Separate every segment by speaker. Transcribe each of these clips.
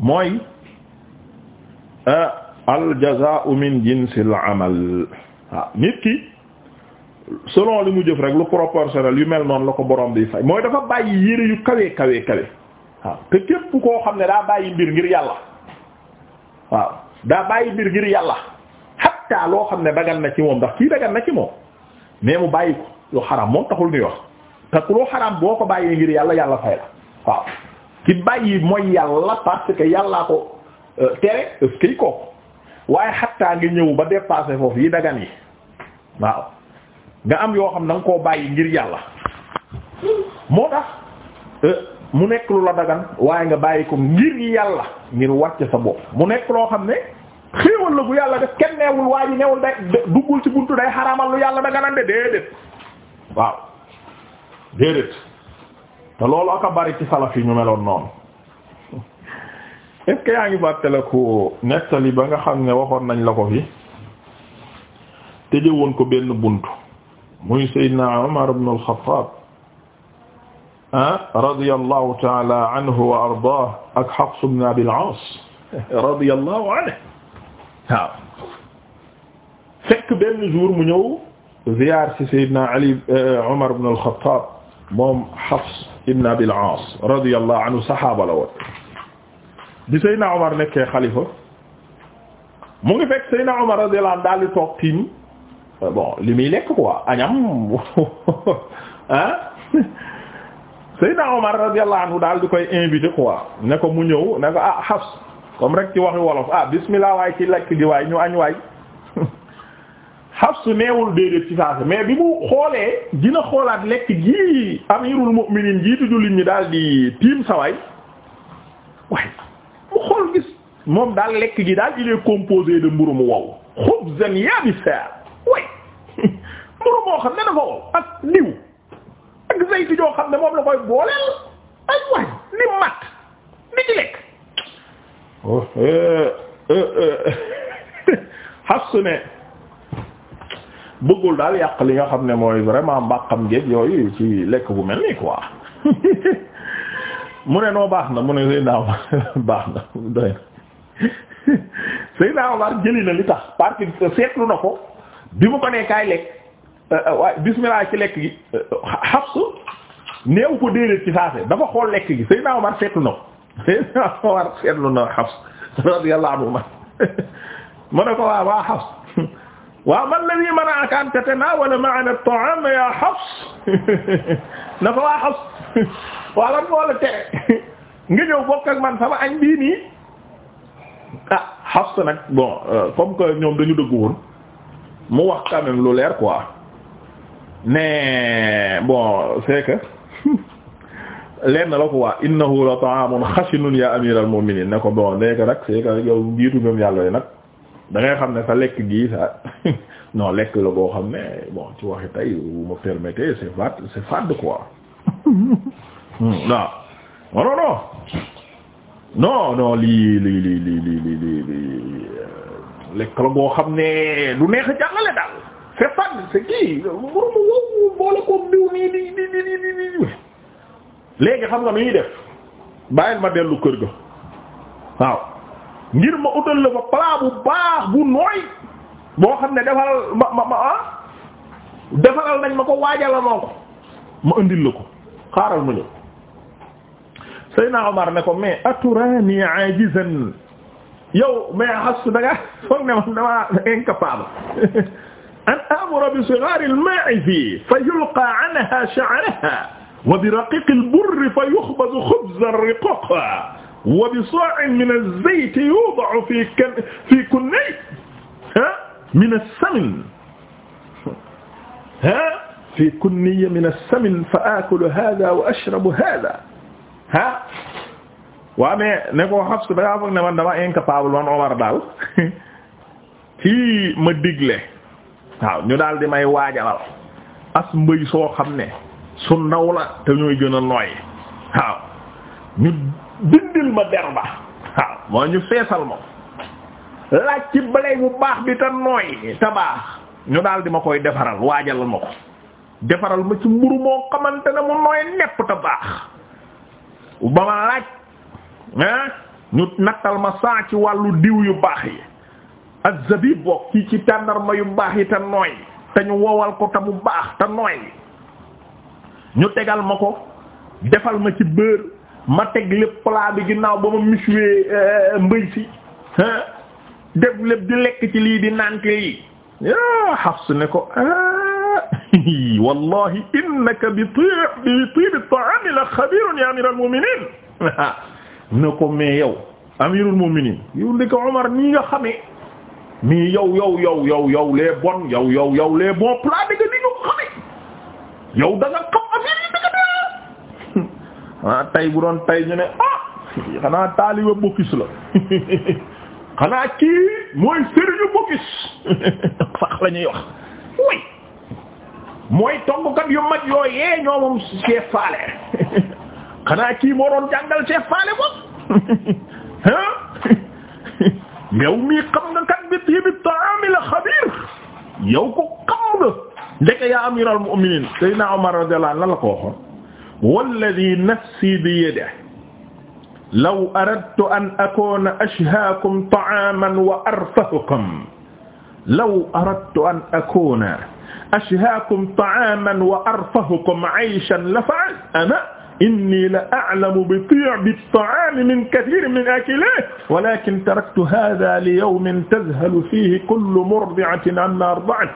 Speaker 1: mooy aljazaa'u min jinsil amal waaw nit ki selon li mu jëf rek lu proportionnel yu mel noonu la ko borom bi fay mooy dafa bàyyi yére yu kawe kawe kawe te képp koo xam ne daa bàyyi mbir ngir yàlla waaw daa bàyyi mbir ngir yàlla hatta loo xam ne dagal na ci moom ndax kii dagan na ci moom mais mu bàyyi ko lu xaram moom taxul ñuy wax te ku loo xaram boo ko bàyyee ngir yàlla yàlla fay la waaw ki bàyyi mooy yàlla parce que yàllaa ko euh, tere est-ce waaye xattaa ngi ñëw ba dépassé foofu yi dagan yi waaw nga am yoo xam na nga koo bàyyi ngir yàlla moo tax euh, mu nekk lu la dagan waaye nga bàyyi ko ngir yàlla ngir wàcc sa bopp mu nekk loo xam ne xéewal la bu yàlla def kenn neewul waa ji neewul day duggul ci buntu day xaraamal lu yàlla daganande déedéet waaw déedéet te loolu aka bari ci salaf yi ñu meloon noonu est-ce que yaa ngi fàttaliku nettali ba nga xam ne waxoon nañ la ko fi tëje woon ko benn buntu muy Seydina Umar ibn al-Khattab ah radiyallahu ta'ala anhu wa ardaah ak Hafs ibn Abi al-Aas radiyallahu anhu waaw fekk benn jour mu ñëw ziyaar ci Seydina Ali Umar eh, ibn al-Khattab moom Hafs ibn Abil Aas radiyallahu anhu saxaaba la woon Omar nekkee xalifa mu ngi fekk Seydina Omar radiyallahu anhu daal di toog tiim li muy lekk quoi añam ah Seydina Omar radiyallahu anhu daal di koy invité quoi ne ko mu ñëw ne ko ah Hafs comme ci waxi wolof ah, bismillah waay ci lekk gi waay ñu añ waay Hafs neewul déedéet ci saase mais bi mu xoolee dina xoolaat lekk gii amirul mu'minin jiitu jullit ñi daal di tiim saway waaye mu xool gis moom daal lekk gi daal il est de mburu mu wow xubzan yabisa way mburu moo xam ne dafa wow ak diw ak zaytu joo xam ne moom la koy booleel ay waay ni mat ni ci lekk oh, eh, eh, eh. Hafs bëggul daal yàq li nga xam ne mooy vraiment mbàqam géej yooyu ci lekk bu mel nii quoi mu ne noo baax na mu ne Seydina Omar baax na doy na Seydina Omar jëli na li tax parce seetlu na ko bi mu ko nee kaay lekk euh, euh, bismillah ci lekk gi euh, Hafs neew ko déedéet ci saase dafa xool lekk gi Seydina Omar seetlu na ko Seydina Omar seetlu na Hafs radiyallahu anhu ma ne ko waa waa Hafs waaw man la ñuy mën a àqaan te tanawala ma'ana at-ta'am ya Hafs na fa waa Hafs waaw lan moo la tere nga ñëw bokk ak man sama añ bii nii ah Hafs nag bon euh, comme que ñoom dañu dëgg woon mu wax quand lu leer quoi mais bon c'est que lenn la quoi innahu la ta'amun khashinun ya amiral mu'minin ne ko bon léegi nag c'est que yow njiitu yàlla yi nag. da xam ne sa lekk gi sa non lekk la boo xam ne bon ci waxi tey bu ma permettez c'est fat c'est fat quoi waaw hmm, non non non non non lii lii lii lii lii lii lii euh, lekk boo xam ne du neex a jàngale nga nu ñuy def bàyyil ma dellu kër ga waaw ngir ma utal la fa plat bu baax bu nooy boo xam ne defaral ma ma ma ah defaral nañ ma ko waajalanoo ko ma indil la ko xaaral ma ñëw Seydina Omar ne ko mais aturani ajizan yow mais xastu da nga foog ne man dama incapable an amura bi sighar al-ma'i fi fa yulqa anha sha'raha wa bi raqiq al-burr fa yukhbaz khubz ar-riqaqa wa bi sa'in min az-zayt yuda'u fi kan fi kunnay ha min as-samin ha fi kunniya min as-samin fa aakulu haadha wa ashrabu ha waa mais ne ko Hafs da ngaa foog ne man dama incapable man Omar daal fii ma digle waaw ñu daal di may waajalal as mbëy soo xam ne su ndaw la te ñooy gën a nooy waaw bindil ma der ba waaw moo ñu feesal ma laaj ci blé bu baax bi te nooy te baax ñu daal di ma koy defaral waajal ma ko defaral ma ci mburu moo xamante ne mu nooy nepp te baax ba ma laaj ah ñu nattal ma saa ci wàllu diw yu baax yi ak zabib bokk ci ci tàndarma yu baax yi te nooy te ñu wowal ko te mu baax te nooy ñu tegal ma ko defal ma ci beurre ma teg lépp plat bi ginnaaw bom ma miswee euh, mbëy si def lépp di lekk ci lii di naan ci lii yaa ah, Hafs ne ko ah, wallahi innaka bi tiib bi tiib at-ta'am la xabirun ya amir al-mu'minin ko mais yow amirul mu'minin yow ndeke Omar nii nga xamee mais yow yow yow yow yow les bons yow yow yow les bons plats dëgg ni nga ko xamee yow da nga xam affaire xanaa tay bu doon tay ñu ah xanaa taaliba bokkis la xanaa kii mooy sëriñu bokkis sax la ñuy wax way mooy toggkat yu mag yooyee ñoo moom Faale xanaa kii moo doon jàngal Cheikh Faale bopp ah yow mii xam nga kat bi tii taami la xabiir yow ko xam nga ndeke yaa amiral mu'minin Seydina Omar radiyallahu anhu la ko waxoon walladhi nafsi biyadihi law aradtu an akuna ashhaakum ta'aaman wa arfahukum law aradtu an akuna ashhaakum ta'aaman wa arfahukum 'ayshan la fa'altu ana inni la a'lamu bi ta'aami min kathiirin min aakilihi walaakin taraktu haadha li yawmin tadhhalu fiihi kullu murdi'atin amma arda'at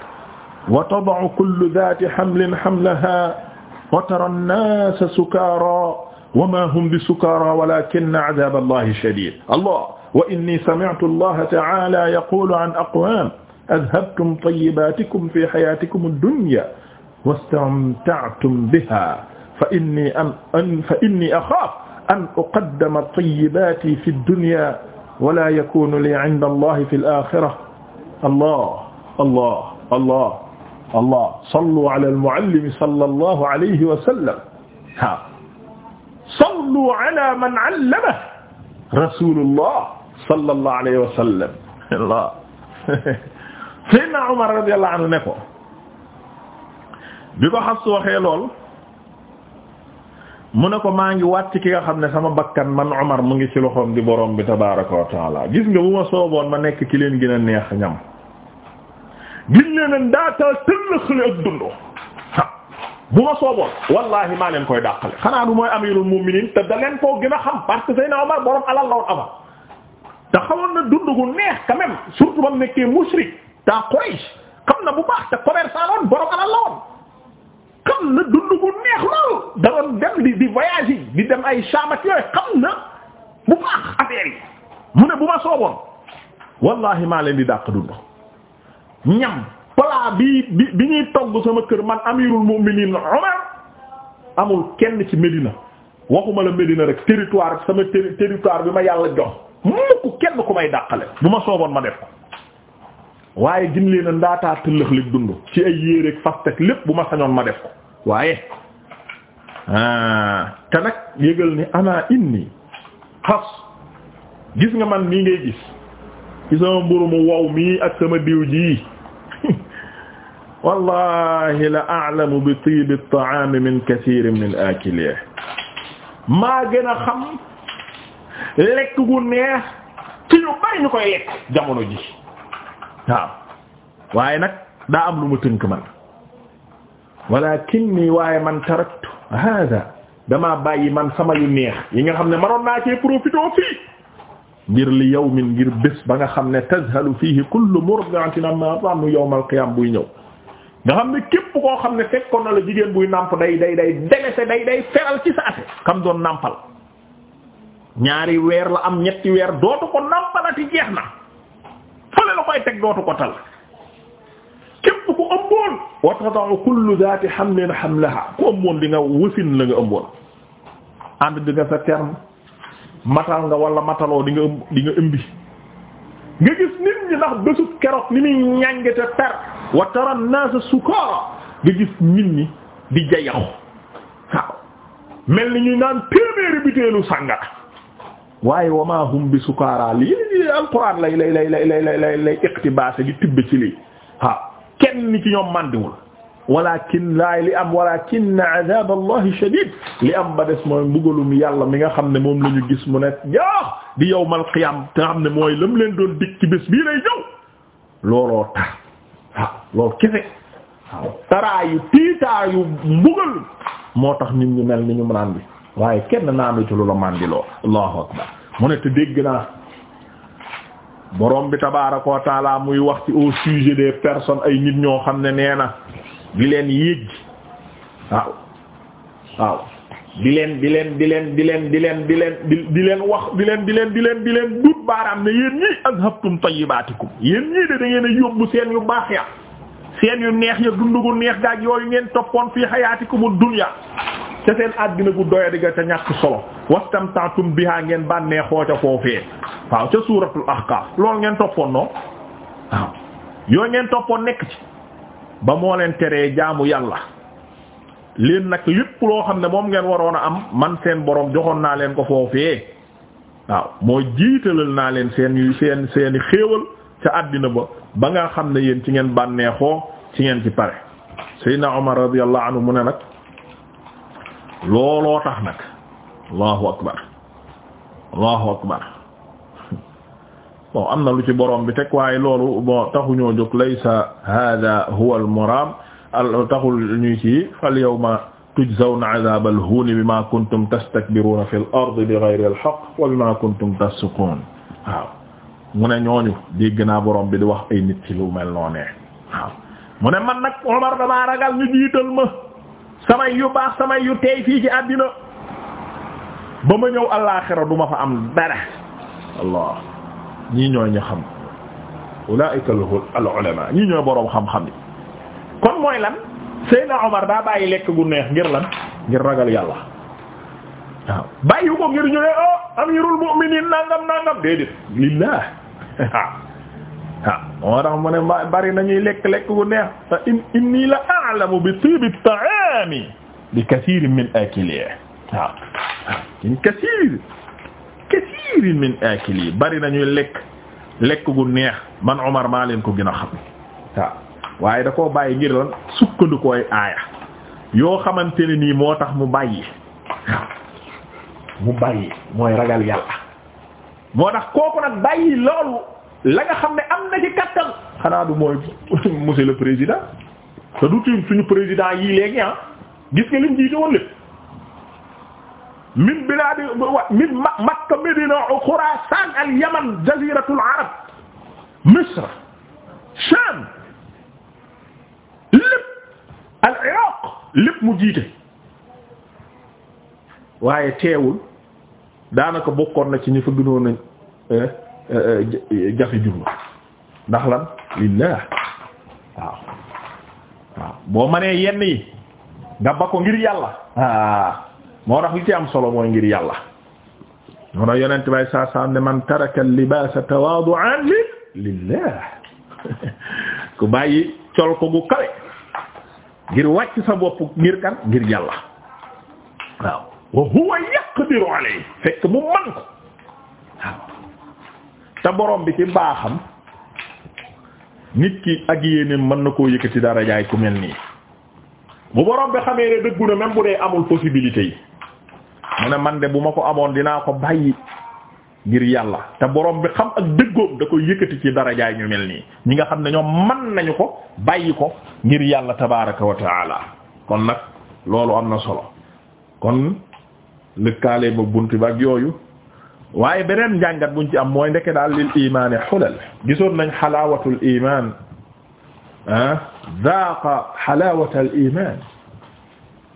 Speaker 1: wa tada'u kullu dhaati hamlin hamlahaa wa tara an-naasa sukaaraa wa maa hum bisukaaraa walaakinna adaaba Allahi shadiid allah wa inni sami'tu Allaha ta'aalaa yaquulu an aqwaam adhabtum tayyibaatikum fi hayaatikum ad-dunyaa wastamta'tum bihaa fa inni an fa inni axaaf an uqaddama tayyibaatii fi ad-dunyaa wa laa yakuunu lii 'inda Allahi fi al-aaxira allah allah allah allah sallu ala al-muallimi sallallahu alayhi wa sallam waaw sallu ala man allama rasulullah sallallahu alayhi wa sallam allah sayyidina Umar radiyallahu anhu ne ko bi ko Hafs waxee lool mu ne ko maa ngi wàcc ki nga xam ne sama bakkan man Umar mu ngi ci loxoom di borom bi tabaaraka wa taala gis nga bu ma sooboon ma nekk ki leen gën a neex ñam yéeneen daataa tëllëxle ak dundo bu ma maa leen koy dàqale xanaa du mooy amirul mu'minin te da leen a xam parce que Seydina Omar borom alal la neex quand surtout ba mu nekkee mushrik daa Quraysh xam na bu baax te commerçant la woon borom alal la woon neex lool da doon dem di di voyage dem ay Sham ak yooyu bu baax affaire mu ne bu ma sooboon wallahi maa di dàq dund plat bi bi bi ñuy togg sama kër man amirul mu'minin Umar amul kenn ci Medina waxuma la Medina rek territoire sama territoire bi ma yàlla jox mukk kenn ku may dàqale bu ma sooboon ma def ko waaye gin leen a ndaataa tëllëx dund ci ay yéreeg fastek lépp bu ma sañoon ma def ko waaye ah, te nag yëgal ni ana inni xas gis nga man mii ngay gis ci sama mburu mu wow mii ak sama diw jii wallahi la a'lamu bi tibi at-ta'ami min kathirin min akilihi maa gën a xam lekk gu neex ci ñu bari ñu koy lekk jamono ji waaw waaye nag daa am lu mu tënk man walakinni waaye man taraktu hada damaa bàyyi man sama yu neex yi nga xam ne manoon naa cee profité fii ngir li yawmin ngir bés ba nga xam ne tazhalu fihi kullu murdi'atin amma at'amu yawm al-qiyam buy ñëw nga xam ne képp koo xam ne fekkoon na la jigéen buy nàmp day day day demese day day feral ci saase kam doon nàmpal ñaari weer la am ñetti weer dootu ko nàmpalati jeex na fële la koy teg dootu ko tal képp ku ëmboon wa tada'u kullu xam hamlin hamlaha ku ëmboon di nga la nga ëmboon ànd di nga sa terme matal nga wala mataloo di nga ëmbi nga gis nit ñi ndax bésu keroog ni muy ñànge te tar wa tara naasa sukaara nga gis nit ñi di jayaxu waaw mel ni ñuy naan téeméeri butéelu sàngara waaye wa maa hum bi sukaara lii alquran lay lay lay lay lay lay lay iqtibaas di tibb ci lii kenn ci ñoom màndiwul walakin laay li am walakin adab allah shadid li am ba des mooy mbugalum yàlla mi nga xam ne moom la gis mu ne yaa di yawmal qiyaam te xam ne mooy lam leen doon dig ci bii lay ñëw looloo tax waaw ah, loolu kese taraayu tiitaayu mbugal moo tax nit ñu mel ni ñu màndi waaye kenn naanu ci lu la màndi loo allahu akbar mu ne te dégg naa borom bi tabaaraka wa muy wax ci au sujet des personnes ay nit ñoo xam ne nee na di leen yéeg waaw waaw di leen di leen di leen di leen di leen di leen di di leen wax di leen di leen di leen di leen dut baaraam ne yéen ñii azhabtum tayyibatikum yéen ñii de da ngeen a yóbbu seen yu baax ya seen yu neex ya dundu gu neex gaaj yooyu ngeen toppoon fii hayatikum dunya te seen àddina gu doya di ga te ñàkk solo wastamta'tum biha ngeen bànnee xooca foofee waaw ca suuratul ahqaf loolu ngeen toppoon noonu waaw yooyu ngeen toppoon nekk ci ba moo leen teree jaamu yàlla leen nag yépp loo xam ne moom ngeen waroon a am man seen borom joxoon naa leen ko foofee waaw mooy jiitalal naa leen seen seen seeni xéewal ca àddina ba ba nga xam ne yéen ci ngeen bànneexoo ci ngeen ci pare Seydina Omar radiyallahu anhu mu ne nag looloo tax nag allahu akbar allahu akbar bon am na lu ci boroom bi tek waaye loolu bon taxuñoo jóg laysa hada huwa al al taxul ñuy ci fal yawma tujzawna azabal huuni bima kuntum tastakbiruna fil ardi bighayri al haqq wa bima kuntum tafsiqun mu ne ñooñu dégg naa borom bi di wax ay nit ci lu mel noonee mu ne man nag Omar damaa ragal ñu jiital ma samay yu baax samay yu teey fii ci àddina ba ma ñëw alaaxira du ma fa am dara allah ñii ñooy ñu xam ulaa'ika al ulama ñii ñooy boroom xam-xam mooy lan Seydina Omar daa bàyyi lekk gu neex ngir lan ngir ragal yàlla waaw bàyyi ko ngir ñu ne oh amirul mu'minin nangam nangam déedéet lillah ah. waaw ah. moo tax mu ne bari nañuy lekk lekk gu neex fa in inni la a'lamu bi tibi ta'ami li kathirin min akilihi waaw ah. in kathir kathirin min akilihi bari nañuy lekk lekk gu neex man Omar maa leen ko gën a xam waaw waaye da koo bàyyi ngir lan sukkandikooy aaya yoo xamante ne nii moo tax mu bàyyi mu bàyyi mooy ragal yàlla moo tax kooku nag bàyyi loolu la nga xam ne am na ci kattan xanaa du mooy monsieur le président te du tiim suñu président yii léegi ah gis nga liñ jiite woon lépp min bilaadi min Makka Medina Xuraasaan al Yaman jaziratul arab Sham al iraq lépp mu jiite waaye teewul daanaka bokkoon na ci ñu fa gënoon a eh, eh, eh, jafe jublu ndax lan lillah waaw waaw boo mënee yenn yi nga ba ko ngir yàlla ah moo tax li ci am solo mooy ngir yàlla moo tax yonent bay saa saa ne man taraka libaasa tawaadu'an lillah ku bàyyi col ko gu kawe ngir wàcc sa bopp ngir kan ngir yàlla waaw wa huwa yaqdiru alayhi fekk mu man ko te borom bi ci baaxam nit ki ak yéenéem mën na koo yëkkati dara jaay ku mel nii bu borom bi xamee ne dëggu na même bu dee amul possibilité yi mu ne man de bu ma ko amoon dinaa ko bàyyi ngir yàlla te borom bi xam ak dëggoom da koy yëkkati ci darajaay ñu mel nii ñi nga xam ne ñoom man nañu ko bàyyi ko ngir yàlla tabaraka wa taala kon nag loolu am na solo kon lëkkaale ba bunt ba ak yooyu waaye beneen njàngat buñ ci am mooy ndeke daal lil imaani xulal gisoon nañ xalaawatul iman ah zaaqa xalaawatal iman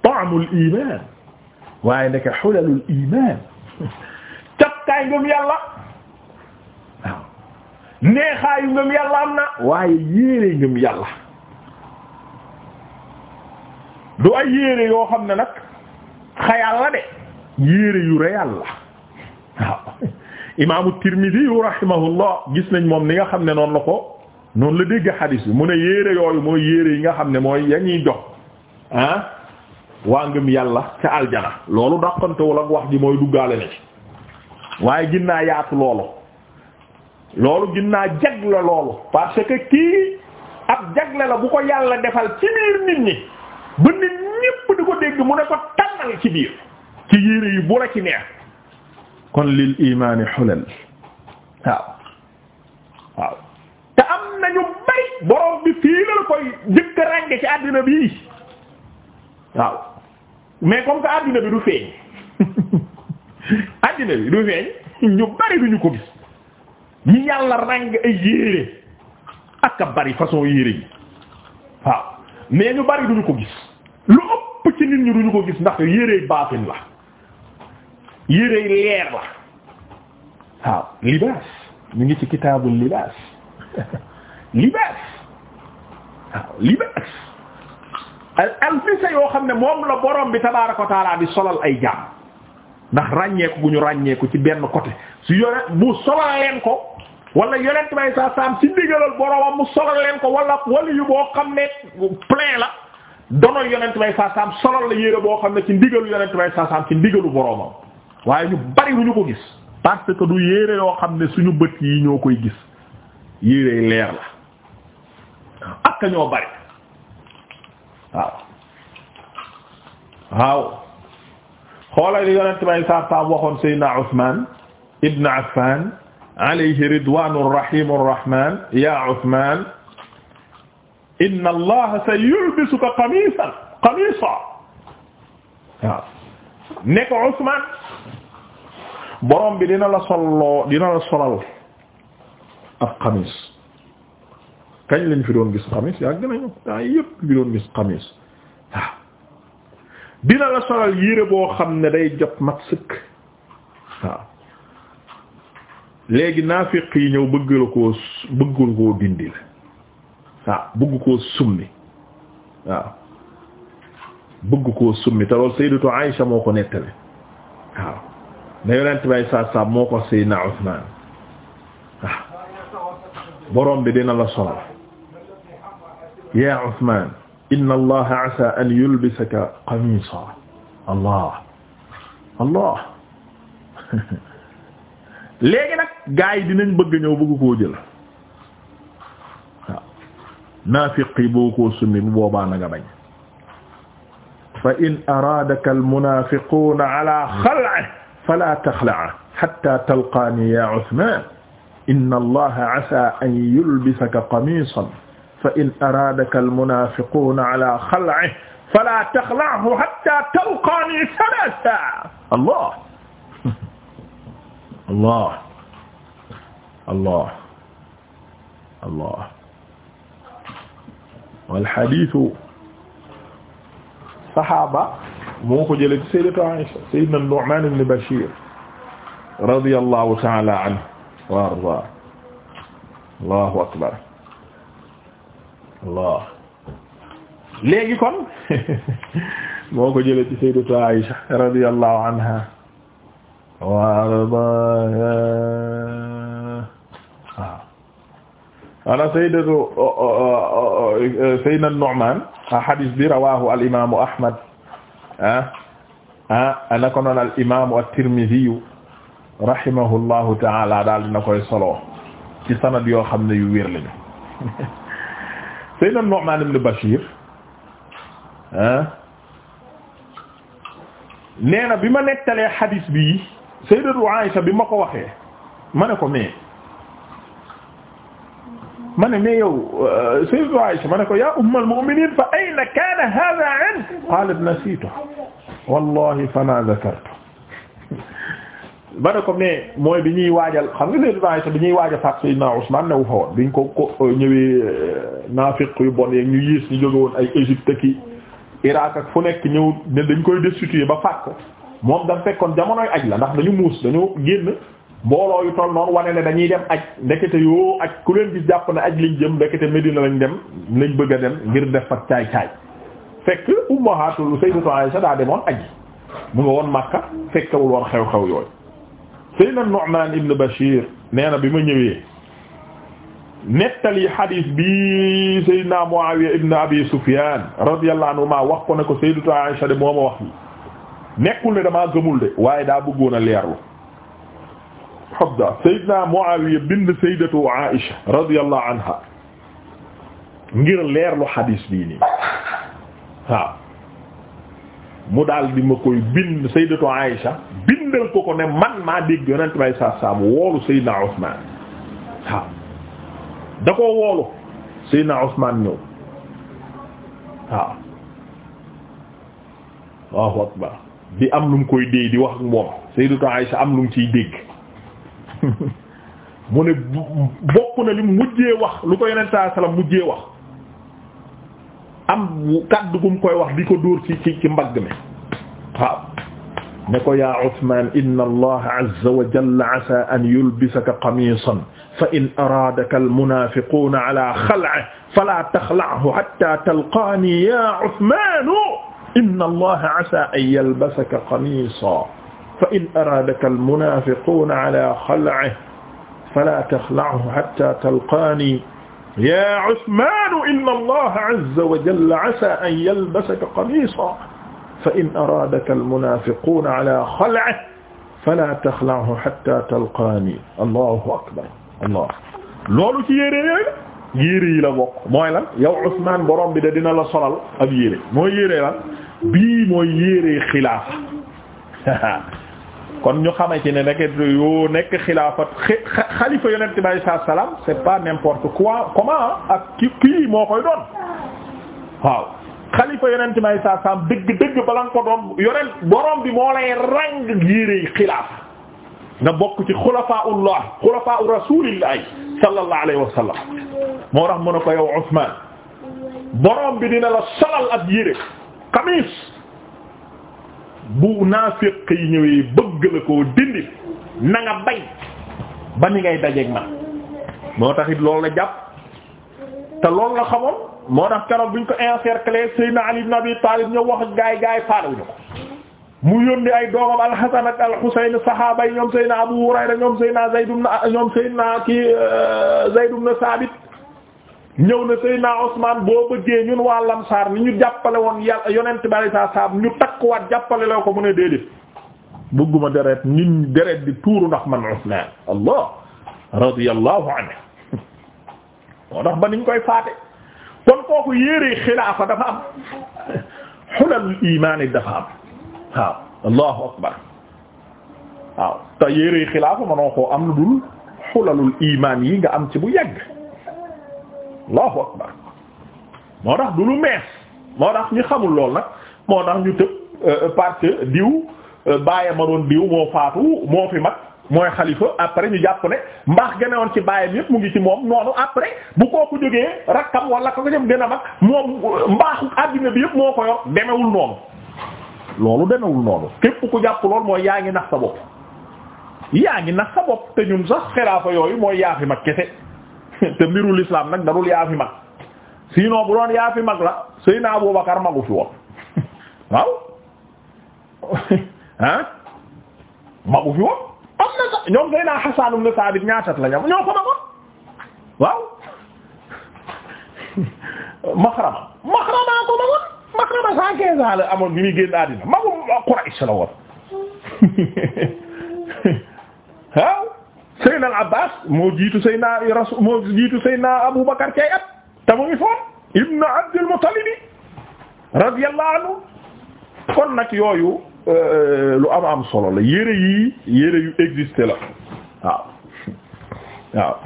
Speaker 1: ta'mul waaye ndeke xulalul iman tàkkaay ngëm yàlla waaw neexaayu ngëm yàlla am na waaye yéere ngëm yàlla du ay yéere yoo xam ne nag xayaal la de yéere yu réyal la waaw imaamu Tirmidi yu rahimahullah gis nañ moom ni nga xam ne noonu la ko noonu la dégg xadiis bi mu ne yéere yooyu mooy yéere yi nga xam ne mooy ya ñuy jox ah waa ngëm yàlla ca aljana loolu dàqantewul ak wax ji mooy duggaale na ci waaye ginnaa yaatu loolu loolu ginnaa jagle loolu parce que kii ab jagle la bu ko yàlla defal ci nit ñi ba nit ñépp di ko dégg mu ne ko tànnal ci biir ci yére yi bu la ci neex kon li imaani xulal waaw waaw te am nañu bari borom bi fii la koy jëkk rànge ci àddina bi waaw mais comme que àddina bi du feeñ addina bi du feeñ ñu bari duñu ko gis ñi yàlla ràng ay yére ak a bari façon yére yi waaw mais ñu bari duñu ko gis lu ëpp ci nit ñi duñu ko gis ndax yérey baatin la yérey leer la waaw libaas ñu ngi ci kitaabul libaas libaas waaw libaas al yoo xam ne moom la borom bi tabaaraka wa taala di solal ay jaam ndax ràññeeku bu ñu ràññeeku ci benn côté su yore bu solal leen ko wala yonent bay sa saam si ndigalal boromam mu solal leen ko wala wala yu boo xam ne plein la dono yonent bay saa saam solal la yére boo xam ne ci ndigalu yonent bay sa saam ci ndigalu waaye ñu bari lu ñu ko gis parce que du yére yoo xam ne suñu bët yi ñoo koy gis yére leer la ak ñoo bari waaw waaw xoolal li yonent may saab saab waxoon Seydina Usmaan ibn Affaan alayhi ridwaanu rahiim rahmaan yaa Usmaan inna Allaha sayulbisuka qamiisan qamiisan waaw ne ko Usmaan borom bi dina la solloo dina la solal ab xamis kañ lañ fi doon gis xamis yàgg nañu yëpp fi doon gis xamis waaw dina la solal yére boo xam ne day jot mat sëkk waaw léegi naafiq yi ñëw bëgg la koo bëggul koo dindil waaw bëgg ko summi waaw bëgg koo summi te loolu sayyidatu Aisha moo ko nettali waaw na yonent bay saa saa moo ko sayyidina Usmaan waaw borom bi dina la solal yaa Usmaan inna allaha asa an yulbisaka qamisa allah allah léegi nag gars yi dinañ bëgg ñëw bëgg koo jël waaw naafiq yi boo koo summi bu boobaa na nga bañ fa in araadaka almunafiquna ala xal'e fala taxla'a hatta talqaani ya Usmaan inna allaha asa an yulbisaka qamiisan fa in araadaka almunafiquna ala xal'ihi fala taxla'hu hatta talqaani salaasa allah allah allah allah wal hadiisu saxaaba moo ko jëlee ci sayyidatu Aïsha sayyidina Nu'maan ibn Bashiir radiyallahu ta'ala anhu wa ardaahu allahu akbar Allah léegi kon moo ko jëlee ci sayyidatu Aïsha radiyallahu anha wa ardaha ah. waaw ana sayyidatu sayyidna Nu'man ah, hadis bi rawahu al imamu Ahmad ah ah ana ko noon al imamu at-Tirmidhi rahimahullahu ta'ala daal dina koy solo ci sanad yoo xam ne yu wér lañu Seydina Nu'man ibn Bashir ah nee na bi ma nettalee xadiis bi Sayyidatu Aïsha bi ma ko waxee ma ne ko mais ma ne mais yow euh, Sayyidatu Aïsha ma ne ko yaa ummul mu'minin fa ayna kaana haadha 'anki qaalat nasiituhu wallahi fama dhakartu ba ne ko mais mooy bi ñuy waajal xam nga léegi maa bi ñuy waaja faat Seydina Ousmane ne wu fa woon biñ ko ko euh, ñëwee euh, naafiq yu bon yeeg ñu yées ñu jóge woon ay Égypte ki Irak ak fu nekk ñëw ne dañ koy destituer ba faat ko moom dam fekkoon jamonoy aj la ndax dañu muus dañu génn mbooloo yu toll noonu wane ne dañuy dem aj ndekete yoo aj ku leen gis jàpp ne aj liñ jëm ndekete Medina lañ dem lañ bëgg dem ngir def fa caay caay fekk ummahatul Sayyidatu Aisha daa demoon aj mu nga woon xew-xew yooyu. Seydina Nu'man ibn Bashir nee bi ma ñëwee nettali hadith bi Seydina Muawiya ibn Abi Sufyan radiyallahu anhuma wax ko ne ko Sayyidatu Aisha de moo ma wax yi nekkul ne damaa gëmul de waaye daa bëggoon a leerlu habda Seydina Muawiya bind Sayyidatu Aisha radiyallahu anha ngir leerlu hadith bii nii mu daal di ma koy bind Sayyidatu Aisha bindal ko ko ne man maa dégg yonent may saa woolu Seydina Usmaan waaw da koo woolu Seydina Usmaan ñëw waaw Allahu akbar di am lu mu koy déy di wax ak moom Sayyidatu Aisha am lu mu ciy dégg mu ne bokk na li mujjee wax lu ko yonent saa salaam mujjee wax am kàddu gu koy wax di ko dóor ci ci ci mbagg mi waaw ne ko yaa Usmaan inna allaha azza wa jalla asa an yulbisaka qamiisan fa in araadaka almunaafiquuna ala xal'ihi falaa taxla'hu hattaa talqaanii yaa Usmaan inna allaha asa an yalbisaka qamiisan fa in araadaka almunaafiquuna ala xal'ihi falaa taxla'hu hattaa talqaanii yaa Usmaan inna allaha azza wa jalla asa an yalbisaka qamiisan fa in araadaka almunaafiquuna ala xal'ihi falaa taxla'hu hattaa talqaanii allahu akbar allah loolu ci yére yooyu yére yi la bokk mooy lan yow Ousmane borom bi de dina la solal ab yére mooy yére lan bii mooy yére xilaafa kon ñu xamante ne nekk yoo nekk xilaafa xalifa yonent bi alayhi salaam c'est pas n'importe quoi comment ak ki kii moo koy doon waaw. xalifa yonent may saa saam dëgg dëgg bala nga ko doon yonent borom bi moo lay ràng yéeréy xilaaf nga bokk ci xulafaa'ullah xulafaa'u rasuulillahi sallallahu alayhi wa moo tax mën a ko yow Usmaan borom bi dina la solal ab yére xamiis bu naafiq yi ñëwee bëgg la koo dindi na bay ba ni ngay dajeeg man moo tax it loolu jàpp te loolu la xamoon moo tax keroog buñ ko encercler Seydina Ali ibn Abi Talib ñëw wax gaay gaay faaluñu ko mu yónni ay doomam al-Hasan al-Husayn saxaaba yi ñoom Seydina Abu Hurayra ñoom Seydina Zayd ibn ñoom Seydina ki euh, Zayd ibn Sabit ñëw na Seydina Usman boo bëggee ñun waa Lamsaar ni ñu jàppale woon yàlla yonent bari saa saab ñu takkuwaat jàppale la ko mu ne déedéet bëgguma deret nit deret di tuuru ndax man Usman Allah radiyallahu anhu moo tax ba niñ koy faate kon kooku yéeree xilaafa dafa am xulalul imaan dafa am waaw allahu akbar waaw te yéeree xilaafa mënoo koo am lu dul xulalul imaan yi nga am ci bu yàgg allahu akbar moo tax du mees moo tax ñu xamul lool nag moo tax ñu tëb euh, parce diw euh, baayam a doon diw moo faatu moo fi mag mooy xalifa après ñu jàpp ne mbaax gën a woon ci bàyyam yépp mu ngi ci moom noonu après bu kooku jógee rakkam wala ko jëm gën a mag moom mbaaxu àddina bi yépp moo ko yor demewul noonu loolu demewul noonu képp ku jàpp lool mooy yaa ngi nax sa bopp yaa ngi nax sa bopp te ñun sax xilaafa yooyu mooy yaa fi mag kese te mbiru lislaam nag darul yaa fi mag sinon bu doon yaa fi mag la Seydina Abubakar magu fi woon waaw ah magu fi woon am na sax ñoom day naa Hasan ibn Sabit ñaatat la ñam ñoo ko waaw Maxrama Maxrama ko magoon Maxrama cent quinze ans la amoon bi génn àddina magu Quraysh la woon waaw Seydina al moo jiitu Seydina Rasul moo jiitu Seydina Abu Bakar kay at te mu ngi Abdul Muttalib radiyallahu anhu kon nag yooyu lu am am solo la yére yii yére yu existé la waaw waaw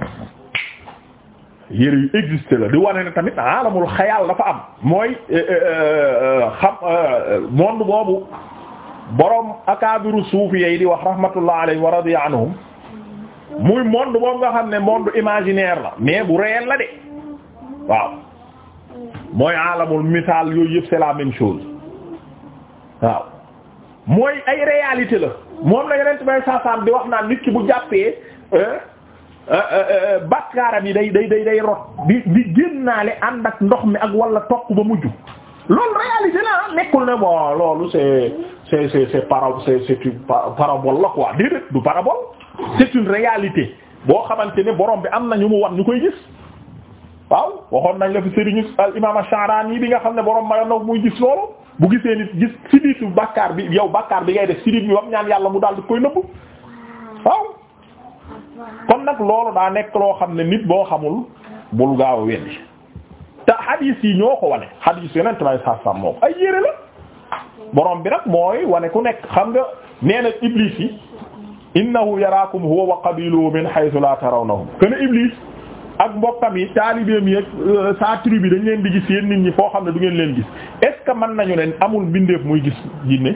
Speaker 1: yére yu existé la di wane na tamit a alamul xayaal dafa am mooy eh, eh, eh, xam monde boobu boroom akaabiru suufi yi di wax rahmatullah alayhi wa radiya anhum muy monde boobu nga xam ne monde imaginaire la mais bu réel la de waaw mooy alamul misaal yooyu yëpp la même chose waaw mooy ay réalité la moom la yeneen may saasaam di wax naan nit ki bu jàppee euh, euh, euh, bakkaaram yi day day day day rot di di génnaale ànd ak ndox mi ak wala toq ba mujj loolu réalité la nekkul ne bon loolu c'est c'est c'est c'est para c'est c'est une parabole la du parabole c'est une réalité boo xamante ni borom bi am na ñu mu wan ñu koy gis waaw waxoon nañ la fi Serigne a imam yi bi nga xam ne borom ma na muy gis loolu. bu gisee nit gis sidiitu bàkkaar bi yow bàkkaar bi ngay def sidiit bi bam ñaan yàlla mu daal di koy nëbb waaw kon nag loolu daa nekk loo xam ne nit boo xamul bul gaaw a weddi te xadiis yi ñoo ko wane xadiis yeneen may sarsam moo ko ay yére la borom bi nag mooy wane ku nekk xam nga nee na iblis yi innahu yaraakum huwa wa qabiluhu min haythu la tarawnahum ken iblis ak mbokkam yi taalibeem yi ak euh, sa tribu bi dañ leen di gis yéen nit ñi foo xam ne du ngeen leen gis est ce que mën nañu ne amul mbindeef muy gis jinne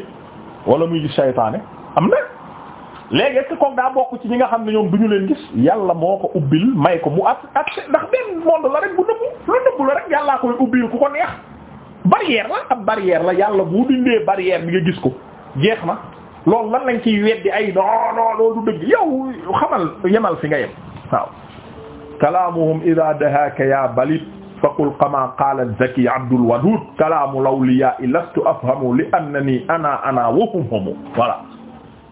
Speaker 1: wala muy gis saytaane am na léegi est ce que daa bokk ci ñi nga xam ne ñoom du ñu leen gis yàlla moo ko ubbil may ko mu ak ak ndax benn monde la rek bu nëbbu lu nëbbu la rek yàllaa koy ubbil ku ko neex barrière la ak barrière la yàlla bu dindee barrière bi nga gis ko jeex na loolu lan lañ ciy weddi ay non non loolu du dëgg yow xamal yemal nga yem waaw kalaamuhum idaa dahaaka yaa balit faqul kamaa qaala zaki abdul wadud kalaamu lawliyaa lastu afhamu li annani ana ana wa hum hum voilà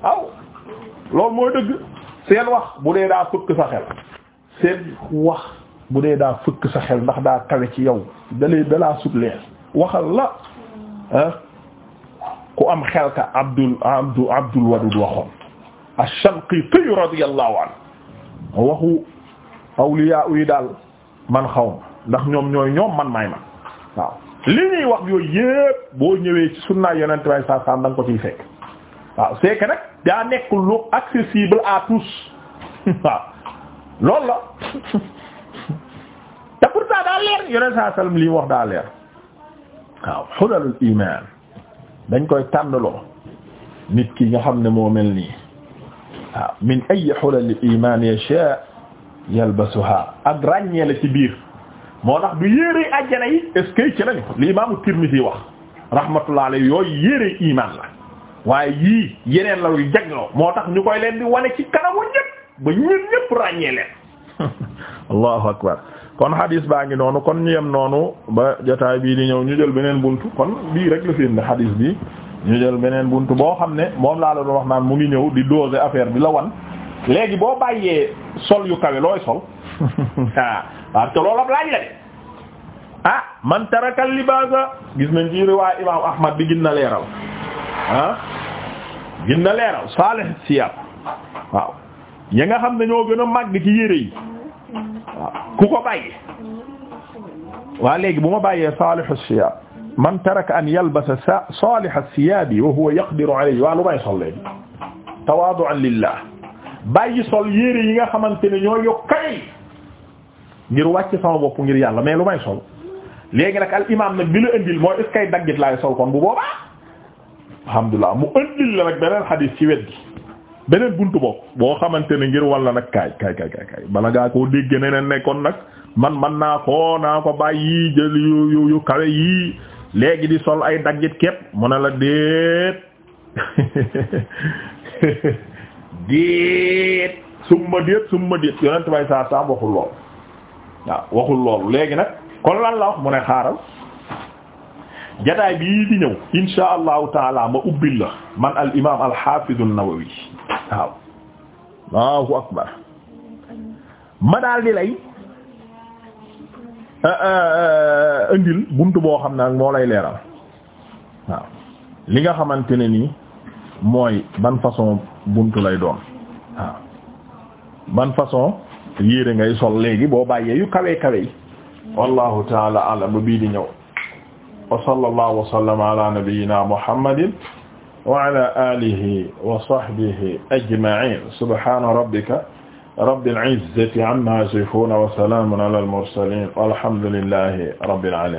Speaker 1: waaw loolu mooy dëgg seen wax bu dee daa fëkk sa xel seen wax bu dee daa fëkk sa xel ndax daa kawe ci yow dalee dalaa sutleer waxal la ah, ku am xel ka abdul abdul abdul wadud waxoon ash-Shanqiti radiyallahu anhu waxu awliya yi daal man xaw ma ndax ñoom ñooy ñoom man maay man waaw li ñuy wax yooyu yépp boo ñëwee ci sunnaay yonent way sa sam da nga ko ciy fekk waaw c'est que daa nekk lu accessible à waaw loolu la te pourtant daa leer yonent saa sallam li mu wax daa leer waaw xudalul iman dañ koy tànnloo nit ki nga xam ne moo mel nii waaw min ay xulal iman yasha yalbasuha ak ràññee la ci biir moo tax du yére àjjana yi est-ce que ci lañu li imaamu Tirmidhi wax rahmatullah alayhi yooyu yére iman la waaye yii yeneen la yu jagloo moo tax ñu koy leen di wane ci kanamu ñëpp ba ñun ñëpp ràññee leen allahu akbar kon hadis baa ngi noonu kon ñu yem noonu ba jotaay bii di ñëw ñu jël beneen buntu kon bii rek la fi indi hadis bi ñu jël beneen bunt boo xam ne moom laa la doon wax naan mu ngi ñëw di doser affaire bi la wan léegi boo bàyyee sol yu kawe looy sol ah parce que ah, man tarakal libaasa gis nañ ci riwaay imam ahmad bi ginna leeral ah ginna leeral salih siyab waaw ya nga xam ne ñoo gën a màgg ci yére yi waaw ku ko bàyyi waa léegi bu ma bàyyee salihu siyab man taraka an yalbasa salih as-siyab wa huwa yaqdiru alayhi waa lu may sol léegi tawadu'an lillah bàyyi sol yére yi nga xamante ne ñoo yokkay ngir wàcc sama bopp ngir yàlla mais lu may sol léegi nag al imam nag bi la indil mooy est-ce daggit laay sol kon bu boobaa alhamdulilah mu indil la nag beneen xadiis ci wet gi beneen bunt bopp boo xamante ne ngir walla nag kaay kaay kaay kaay bala ngaa koo dégg neneen ne kon nag man man naa ko naa ko bàyyi jël yu yu yu kawe yii léegi di sol ay daggit képp mu ne la déet déet summa déet summa déet yonent bay saa saam waxul lool waaw waxul loolu léegi nag kon lan la wax mu ne xaaral jataay bii di ñëw insha allahu taala ma ubbil la man al imaam al xaafizu nawawi waaw allahu akbar ma daal di lay eh, eh, indil bunt boo xam ne nag moo lay leeral waaw li nga xamante ne nii mooy ban façon buntu lay doon waaw ban façon yére ngay sol léegi boo bàyyee yu kawe kawe yi wallahu taala alam ba bii di ñëw wa sallallahu wa sallama ala nabiyyina muhammadin wa ala alihi wa sahbihi ajma'in subhana rabbika rabbil izzati amma yasifun wa salamun ala al mursalin walhamdulillahi rabbil alamin